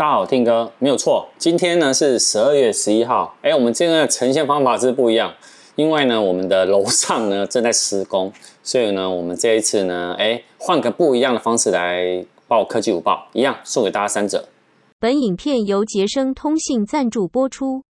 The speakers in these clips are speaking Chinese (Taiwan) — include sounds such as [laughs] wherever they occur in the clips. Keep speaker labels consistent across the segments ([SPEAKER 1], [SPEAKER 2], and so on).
[SPEAKER 1] 大家好，Tim 哥沒有錯。今天呢是十二月十一號，哎，我們這個呈現方法是不一樣。因為呢，我們的樓上呢正在施工，所以呢，我們這一次呢，哎，換個不一樣的方式來報科技午報，一樣送給大家三則。本影片由傑昇通信贊助播出。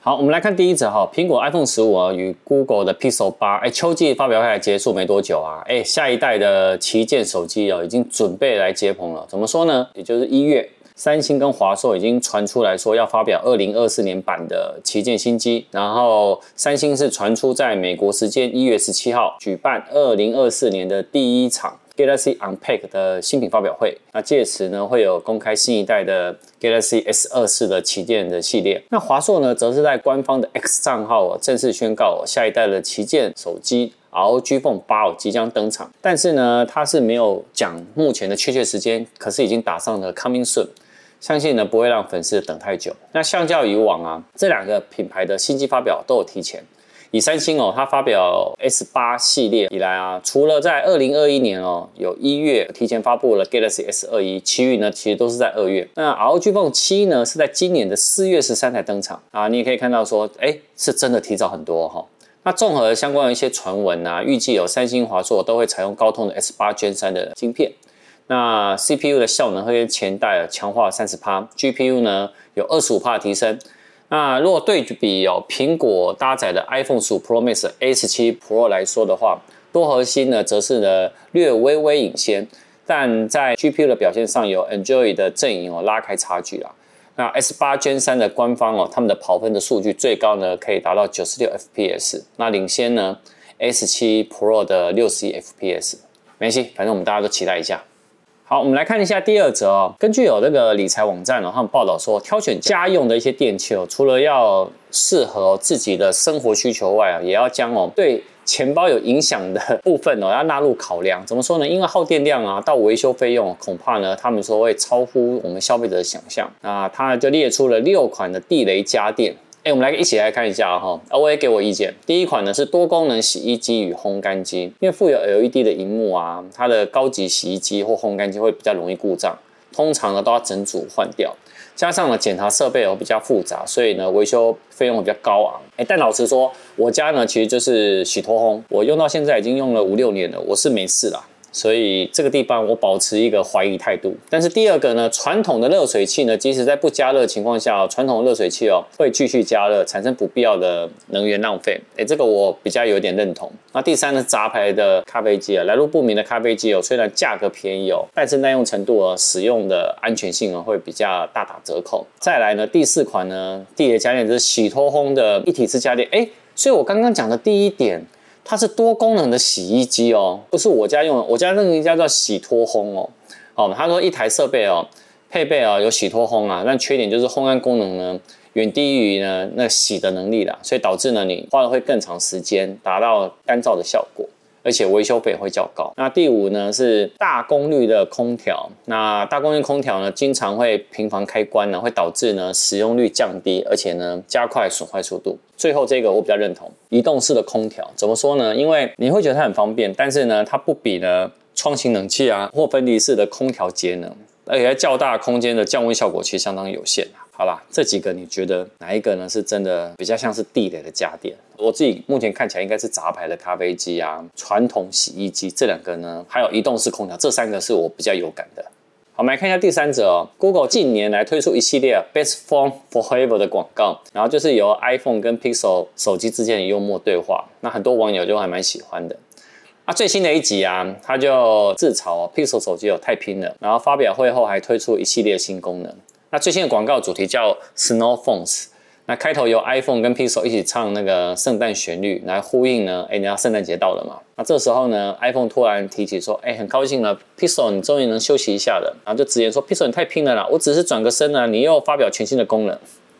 [SPEAKER 1] 好，我們來看第一則哈，蘋果 iPhone 十五啊與 Google 的 Pixel 八，哎，秋季發表會才結束沒多久啊，哎，下一代的旗艦手機啊已經準備來接棒了。怎麼說呢？也就是一月。三星跟華碩已經傳出來說要發表二零二四年版的旗艦新機，然後三星是傳出在美國時間一月十七號舉辦二零二四年的第一場 Galaxy Unpack 的新品發表會，那屆時呢會有公開新一代的 Galaxy S 二四的旗艦的系列。那華碩呢，則是在官方的 X 賬號正式宣告下一代的旗艦手機 ROG Phone 八即將登場，但是呢，它是沒有講目前的確切時間，可是已經打上了 Coming Soon。相信呢不會讓粉絲等太久。那相較以往啊，這兩個品牌的新機發表都有提前。以三星哦，它發表 S 八系列以來啊，除了在二零二一年哦有一月提前發布了 Galaxy S 二一，其餘呢其實都是在二月。那 ROG Phone 七呢是在今年的四月十三才登場啊。你也可以看到說，哎，是真的提早很多哈、哦。那綜合相關的一些傳聞啊，預計有三星、華碩都會採用高通的 S 八 Gen 三的芯片。那 CPU 的效能會比前代強化三十趴，GPU 呢有二十五趴的提升。那如果對比有、哦、蘋果搭載的 iPhone 15 Pro Max、A17 Pro 來說的話，多核心呢則是呢略微微領先，但在 GPU 的表現上，有 Android 的陣營哦拉開差距啦。那 S8 Gen 3的官方哦，他們的跑分的數據最高呢可以達到九十六 FPS，那領先呢 A17 Pro 的六十一 FPS。沒關係，反正我們大家都期待一下。好，我們來看一下第二則哦。根據有這個理財網站哦，他們報道說，挑選家用的一些電器哦，除了要適合自己的生活需求外啊，也要將哦對錢包有影響的部分哦，要納入考量。怎麼說呢？因為耗電量啊，到維修費用，恐怕呢，他們說會超乎我們消費者的想象。那他就列出了六款的地雷家電。哎、欸，我們來一起來看一下哈。OA、哦、給我意見，第一款呢是多功能洗衣機與烘乾機，因為附有 LED 的熒幕啊，它的高級洗衣機或烘乾機會比較容易故障，通常呢都要整組換掉，加上呢檢查設備比較複雜，所以呢維修費用比較高昂。哎、欸，但老實說，我家呢其實就是洗脫烘，我用到現在已經用了五六年了，我是沒事啦。所以這個地方我保持一個懷疑態度。但是第二個呢，傳統的熱水器呢，即使在不加熱的情況下，傳統的熱水器哦會繼續加熱，產生不必要的能源浪費。誒，這個我比較有點認同。那第三呢，雜牌的咖啡機啊，來路不明的咖啡機哦，雖然價格便宜哦，但是耐用程度哦、啊，使用的安全性哦會比較大打折扣。再來呢，第四款呢，地鐵家電就是洗脫烘的一體式家電。誒，所以我剛剛講的第一點。它是多功能的洗衣機哦，不是我家用的，我家那一家叫洗脫烘哦，哦，他說一台設備哦，配備哦有洗脫烘啊，但缺點就是烘乾功能呢遠低於呢那洗的能力啦，所以導致呢你花了會更長時間達到乾燥的效果。而且維修費會較高。那第五呢是大功率的空調，那大功率空調呢經常會頻繁開關呢，會導致呢使用率降低，而且呢加快損壞速度。最後這個我比較認同，移動式的空調怎麼說呢？因為你會覺得它很方便，但是呢它不比呢窗型冷氣啊或分離式的空調節能。而且在較大空間的降溫效果其實相當有限啊，好啦，這幾個你覺得哪一個呢？是真的比較像是地雷的家電？我自己目前看起來應該是雜牌的咖啡機啊，傳統洗衣機這兩個呢，還有移動式空調，這三個是我比較有感的。好，我們來看一下第三者哦。Google 近年來推出一系列 Best Phone Forever 的廣告，然後就是由 iPhone 跟 Pixel 手機之間的幽默對話，那很多網友就還蠻喜歡的。啊，最新的一集啊，他就自嘲 Pixel 手機有太拼了。然後發表會後還推出一系列新功能。那最新的廣告主題叫 Snow Phones。那開頭由 iPhone 跟 Pixel 一起唱那個聖誕旋律來呼應呢。誒，人家聖誕節到了嘛。那這時候呢，iPhone 突然提起說，誒，很高興了，Pixel 你終於能休息一下了。然後就直言說，Pixel 你太拼了啦，我只是轉個身呢、啊，你又發表全新的功能。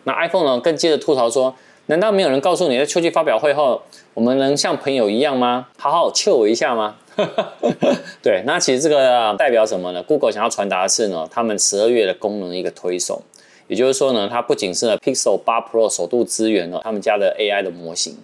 [SPEAKER 1] 那 iPhone 呢，更接着吐槽說。難道沒有人告訴你在秋季發表會後，我們能像朋友一樣嗎？好好 cue 我一下嗎？ [laughs] [laughs] 對，那其實這個代表什麼呢？Google 想要傳達的是呢，他們十二月的功能一個推送，也就是說呢，它不僅是呢 Pixel 8 Pro 首度支援哦他們家的 AI 的模型，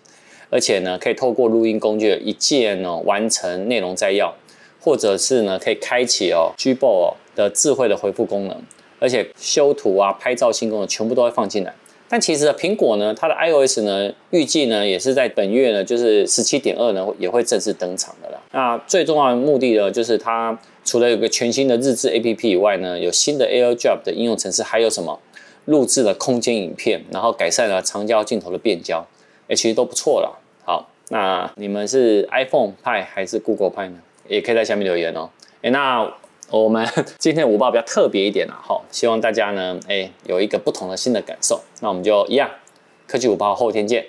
[SPEAKER 1] 而且呢，可以透過錄音工具一鍵呢完成內容摘要，或者是呢可以開啟哦 Gboard 的智慧的回復功能，而且修圖啊、拍照新功能全部都會放進來。但其實呢，蘋果呢，它的 iOS 呢，預計呢也是在本月呢，就是十七點二呢，也會正式登場的啦。那最重要的目的呢，就是它除了有個全新的日誌 APP 以外呢，有新的 AirDrop 的應用程式，還有什麼錄製了空間影片，然後改善了長焦鏡頭的變焦，誒、欸、其實都不錯啦。好，那你們是 iPhone 派還是 Google 派呢？也可以在下面留言哦、喔。誒、欸、那。我、oh, 們今天的午報比較特別一點了，好，希望大家呢，哎、欸，有一個不同的新的感受。那我們就一樣，科技午報後天見。